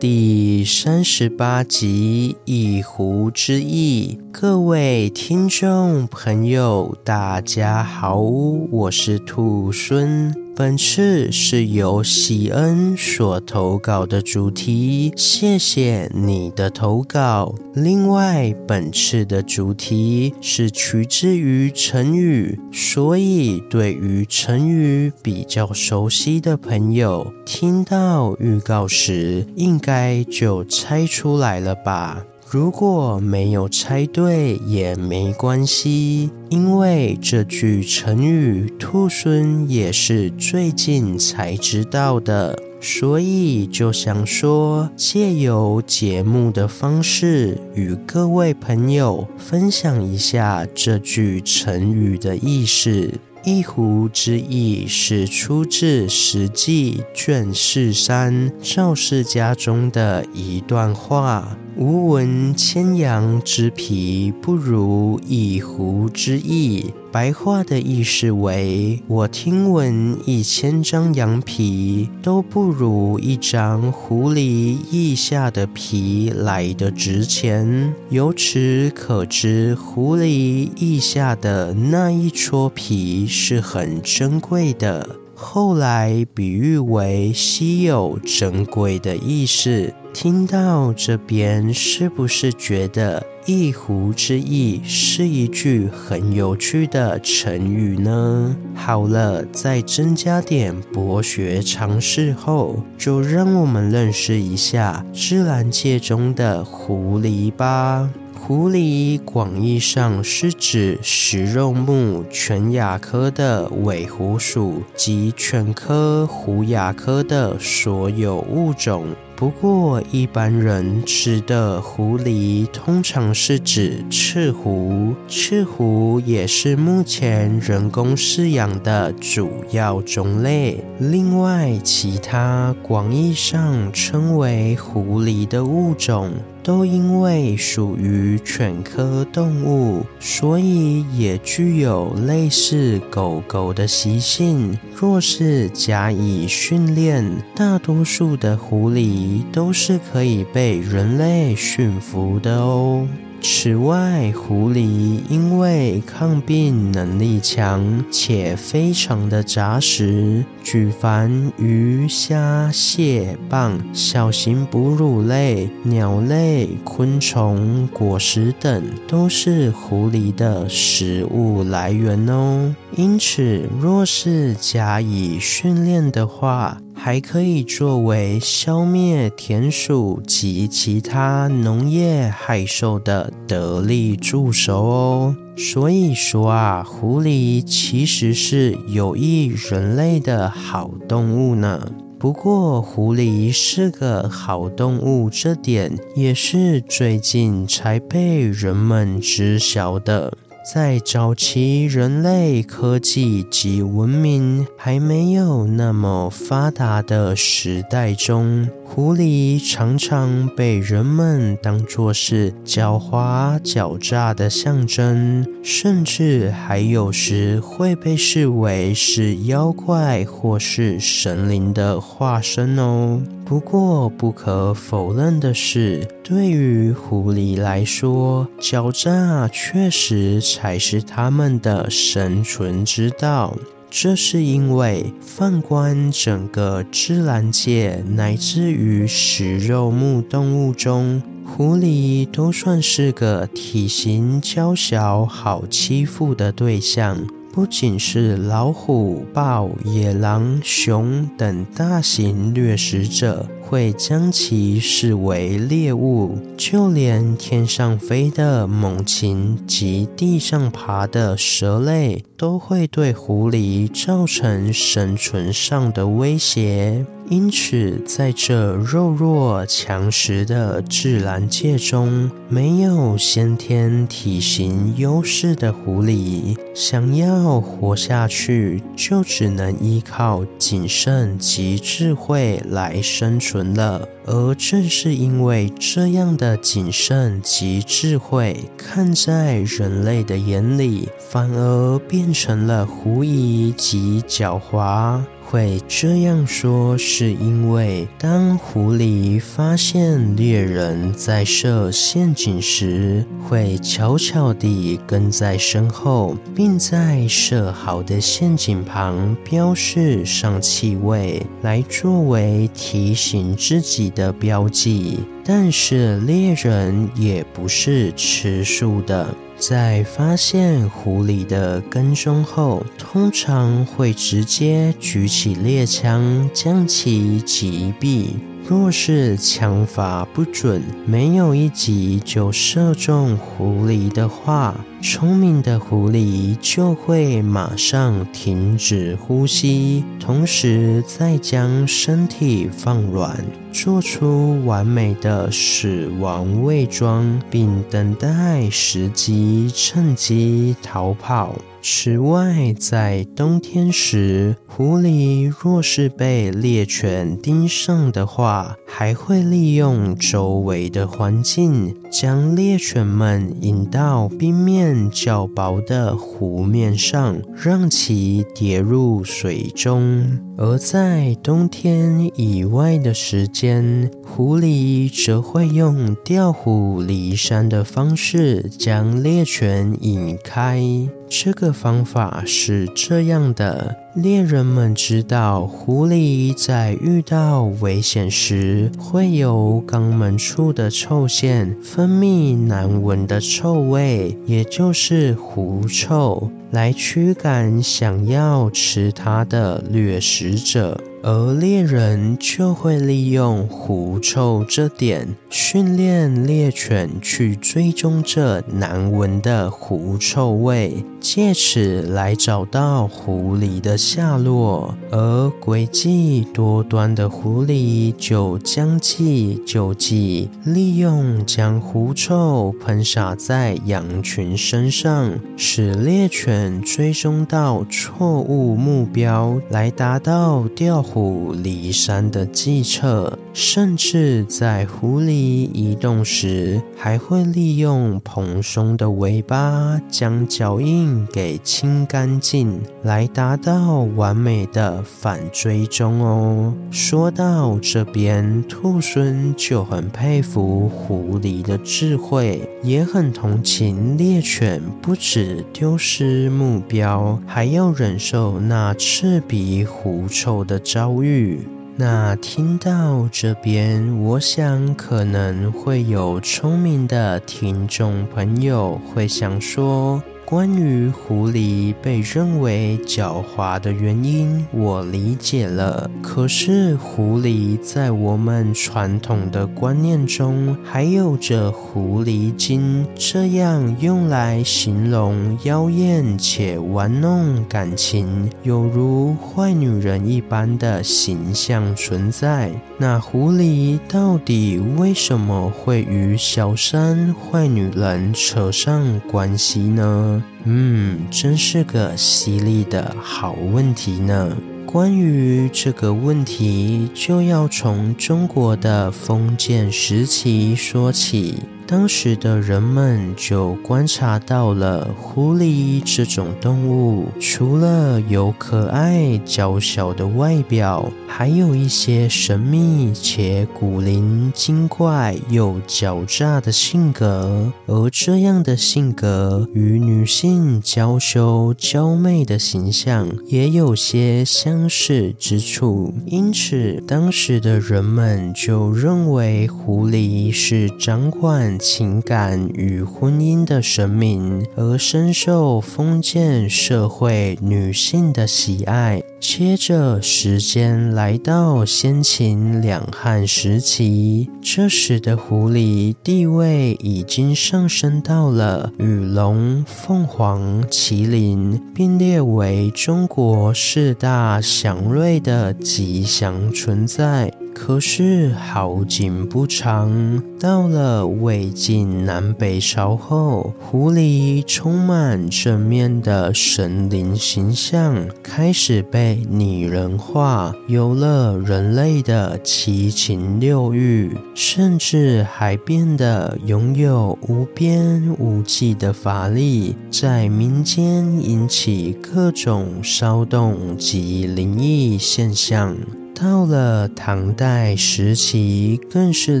第三十八集《一狐之腋》，各位聽眾朋友，大家好，我是兔猻。本次是由喜恩所投稿的主題，謝謝你的投稿。另外，本次的主題是取自於成語，所以對於成語比較熟悉的朋友，聽到預告時應該就猜出來了吧。如果沒有猜對也沒關係，因為這句成語兔猻也是最近才知道的，所以就想說借由節目的方式與各位朋友分享一下這句成語的意思。一狐之腋是出自《史記》卷四十三趙世家中的一段話。吾聞千羊之皮，不如一狐之腋。白話的意思為：我聽聞一千張羊皮都不如一張狐狸腋下的皮來得值錢。由此可知，狐狸腋下的那一撮皮是很珍貴的。後來比喻為稀有珍貴的意思。聽到這邊，是不是覺得“一狐之腋”是一句很有趣的成語呢？好了，再增加點博學常識後，就讓我們認識一下自然界中的狐狸吧。狐狸廣義上是指食肉目犬亞科的偽狐屬及犬科狐亞科的所有物種。不過，一般人吃的狐狸通常是指赤狐，赤狐也是目前人工飼養的主要種類。另外，其他廣義上稱為狐狸的物種，都因為屬於犬科動物，所以也具有類似狗狗的習性。若是加以訓練，大多數的狐狸都是可以被人類馴服的哦。此外，狐狸因為抗病能力強，且非常的雜食，舉凡魚、蝦、蟹、蚌、小型哺乳類、類、鳥類、昆蟲、果實等，都是狐狸的食物來源哦。因此，若是加以訓練的話，還可以作為消滅田鼠及其他農業害獸的得力助手哦。所以說啊，狐狸其實是有益人類的好動物呢。不過，狐狸是個好動物，這點也是最近才被人們知曉的。在早期人類科技及文明還沒有那麼發達的時代中，狐狸常常被人們當作是狡猾、狡詐的象徵，甚至還有時會被視為是妖怪或是神靈的化身哦。不過，不可否認的是，對於狐狸來說，狡詐啊，確實才是他們的生存之道。這是因為，放觀整個自然界，乃至於食肉目動物中，狐狸都算是個體型嬌小、好欺負的對象，不僅是老虎、豹、野狼、熊等大型掠食者，會將其視為獵物，就連天上飛的猛禽及地上爬的蛇類都會對狐狸造成生存上的威脅。因此，在這弱肉強食的自然界中，沒有先天體型優勢的狐狸，想要活下去，就只能依靠謹慎及智慧來生存了。而正是因為這樣的謹慎及智慧，看在人類的眼裡，反而變成了狐疑及狡猾。會這樣說，是因為當狐狸發現獵人在設陷阱時，會悄悄地跟在身後，並在設好的陷阱旁標示上氣味，來作為提醒自己的標記。但是獵人也不是吃素的。在發現狐狸的跟蹤後，通常會直接舉起獵槍將其擊斃。若是槍法不準，沒有一擊就射中狐狸的話，聰明的狐狸就會馬上停止呼吸，同時再將身體放軟，做出完美的死亡偽裝，並等待時機，趁機逃跑。此外，在冬天時，狐狸若是被獵犬盯上的話，還會利用周圍的環境，將獵犬們引到冰面較薄的湖面上，讓其跌入水中；而在冬天以外的時間，狐狸則會用調虎離山的方式，將獵犬引開。這個方法是這樣的。獵人們知道，狐狸在遇到危險時，會由肛門處的臭腺分泌難聞的臭味，也就是狐臭，來驅趕想要吃它的掠食者。而獵人就會利用狐臭這點，訓練獵犬去追蹤這難聞的狐臭味，借此來找到狐狸的下落，而詭計多端的狐狸就將計就計，利用將狐臭噴灑在羊群身上，使獵犬追蹤到錯誤目標，來達到調虎離山的計策。甚至在狐狸移動時，還會利用蓬鬆的尾巴將腳印給清乾淨，來達到完美的反追蹤哦！說到這邊，兔猻就很佩服狐狸的智慧，也很同情獵犬不止丟失目標，還要忍受那刺鼻狐臭的遭遇。那聽到這邊，我想可能會有聰明的聽眾朋友會想說，關於狐狸被認為狡猾的原因，我理解了。可是，狐狸在我們傳統的觀念中，還有着“狐狸精”這樣用來形容妖豔且玩弄感情、有如壞女人一般的形象存在。那狐狸到底為什麼會與小三、壞女人扯上關係呢？嗯，真是個犀利的好問題呢。關於這個問題，就要從中國的封建時期說起。當時的人們就觀察到了狐狸這種動物，除了有可愛嬌小的外表，還有一些神秘且古靈精怪又狡詐的性格。而這樣的性格與女性嬌羞嬌嬌媚的形象也有些相似之處，因此當時的人們就認為狐狸是掌管情感與婚姻的神明，而深受封建社會女性的喜愛。接着，時間來到先秦兩漢時期，這時的狐狸地位已經上升到了與龍、鳳凰、麒麟並列為中國四大祥瑞的吉祥存在。可是好景不長，到了魏晉南北朝後，狐狸充滿正面的神靈形象開始被擬人化，有了人類的七情六欲，甚至還變得擁有無邊無際的法力，在民間引起各種騷動及靈異現象。到了唐代時期，更是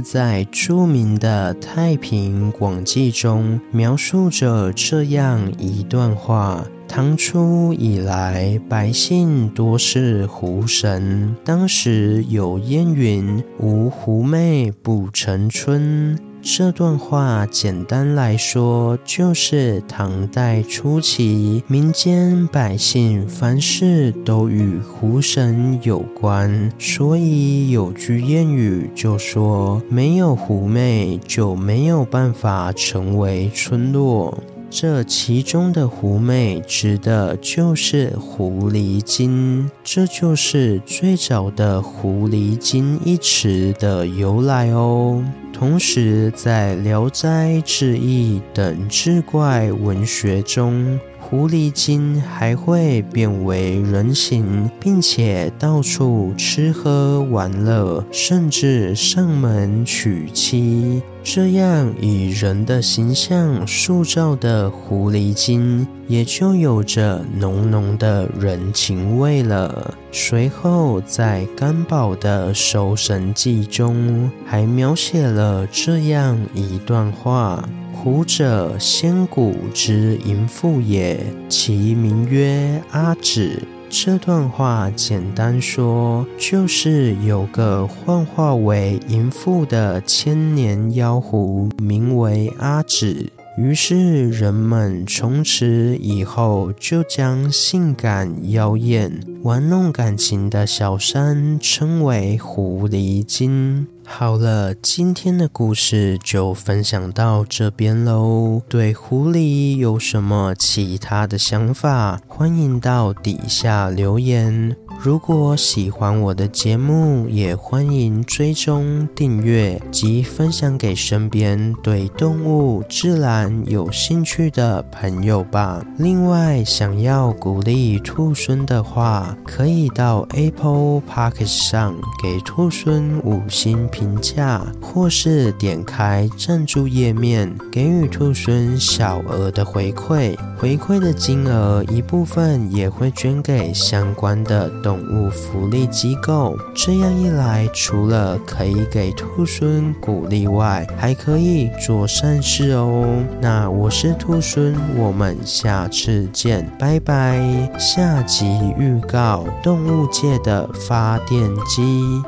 在著名的《太平廣記》中描述着這樣一段話：唐初以來，百姓多是狐神。當時有諺云：“無狐媚不成春。”這段話簡單來說，就是唐代初期民間百姓凡事都與狐神有關，所以有句諺語就說：“沒有狐媚，就沒有辦法成為村落。”這其中的狐媚指的就是狐狸精，這就是最早的“狐狸精”一詞的由來哦。同時在聊齋，在《聊齋志異》等志怪文學中，狐狸精還會變為人形，並且到處吃喝玩樂，甚至上門娶妻。這樣以人的形象塑造的狐狸精，也就有着濃濃的人情味了。隨後，在干寶的《搜神記》中，還描寫了這樣一段話：“狐者，先古之淫婦也，其名曰阿紫。”這段話簡單說，就是有個幻化為淫婦的千年妖狐，名為阿紫。於是人們從此以後就將性感妖豔、玩弄感情的小三稱為狐狸精。好了，今天的故事就分享到這邊嘍。對狐狸有什麼其他的想法，歡迎到底下留言。如果喜歡我的節目，也歡迎追蹤訂閱及分享給身邊對動物、自然有興趣的朋友吧。另外，想要鼓勵兔猻的話，可以到 Apple Podcast 上給兔猻五星評評價，或是點開贊助頁面，給予兔猻小額的回饋，回饋的金額一部分也會捐給相關的動物福利機構。這樣一來，除了可以給兔猻鼓勵外，還可以做善事哦。那我是兔猻，我們下次見，拜拜。下集預告：動物界的發電機。